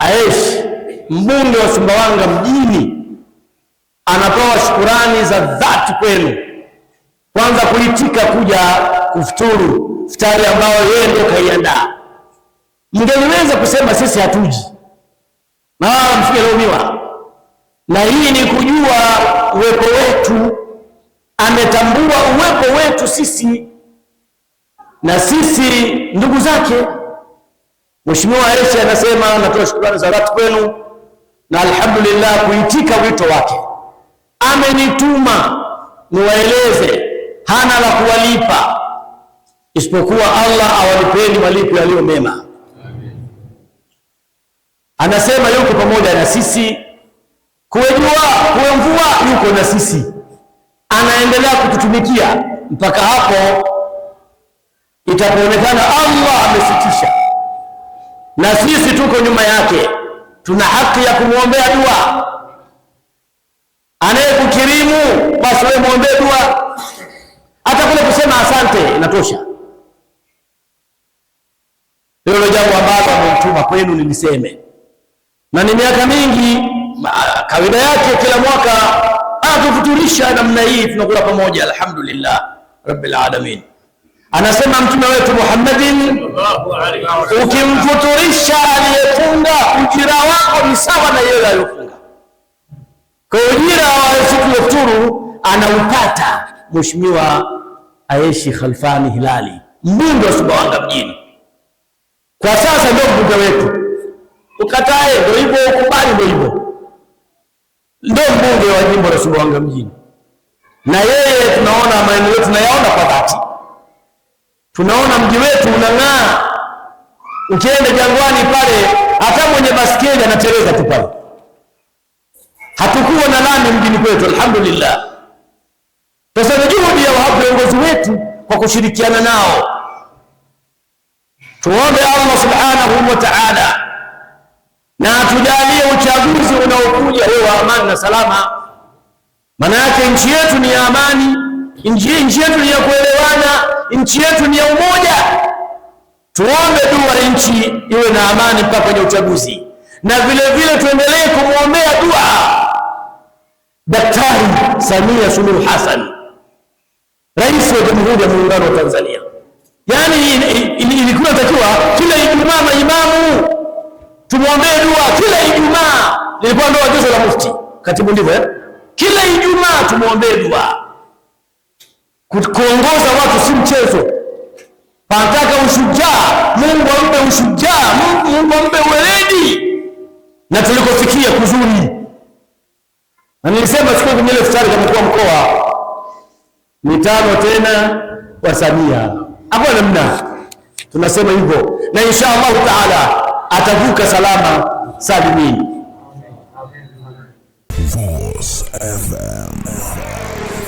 Aesh mbunge wa Sumbawanga mjini anatoa shukurani za dhati kwenu, kwanza kuitika kuja kufuturu futari ambayo yeye ndio kaiandaa. Mngeliweza kusema sisi hatuji na wala na hii ni kujua uwepo wetu. Ametambua uwepo wetu sisi na sisi ndugu zake Mheshimiwa Rais anasema anatoa shukrani za dhati kwenu na alhamdulillah kuitika wito wake. Amenituma niwaeleze, hana la kuwalipa isipokuwa Allah awalipeni malipo yaliyo mema. Anasema yuko pamoja na sisi, kuwe jua kuwe mvua, yuko na sisi, anaendelea kututumikia mpaka hapo itapoonekana Allah amesitisha na sisi tuko nyuma yake, tuna haki ya kumwombea dua. Anayekukirimu basi wewe muombee dua, hata kule kusema asante inatosha. Hilo jambo ambalo amemtuma kwenu niliseme, na ni miaka mingi kawaida yake, kila mwaka atufuturisha ah, namna hii, tunakula pamoja, alhamdulillah rabbil alamin. Anasema mtume wetu Muhammadin, ukimfuturisha aliyefunga ujira wako ni sawa na yeye aliyofunga. Kwa hiyo ujira wa siku ya futuru anaupata Mheshimiwa Aeshi Khalfani Hilali, mbunge wa Sumbawanga mjini kwa sasa, ndio mbunge wetu. Ukatae ndio hivyo, ukubali ndio hivyo, ndio mbunge wa jimbo la Sumbawanga mjini, na yeye tunaona yetu tunayaona kwa dhati Tunaona mji wetu unang'aa. Ukienda jangwani pale, hata mwenye baskeli anateleza tu pale. Hatukuwa na lami mjini kwetu, alhamdulillah. Sasa ni juhudi ya viongozi wetu kwa kushirikiana nao. Tuombe Allah subhanahu wa ta'ala, na atujalie uchaguzi unaokuja huo wa amani na salama. Maana yake nchi yetu ni ya amani, nchi yetu ni ya kuelewana nchi yetu ni ya umoja. Tuombe dua nchi iwe na amani mpaka kwenye uchaguzi, na vile vile tuendelee kumwombea dua Daktari Samia Suluhu Hassan, rais wa Jamhuri ya Muungano wa Tanzania. Yaani ilikuwa takiwa kila Ijumaa maimamu tumwombee dua kila Ijumaa, ndoa agizo la mufti katibu, ndivyo eh? kila Ijumaa tumwombee dua Kuongoza watu si mchezo. Pataka ushujaa, Mungu ampe ushujaa, Mungu ampe weledi na tulikofikia kuzuri. Na nilisema siku kwenye ile futari kama kwa mkoa mitano tena kwa Samia, hapo namna tunasema hivyo, na insha Allah taala atavuka salama salimini. Voice FM.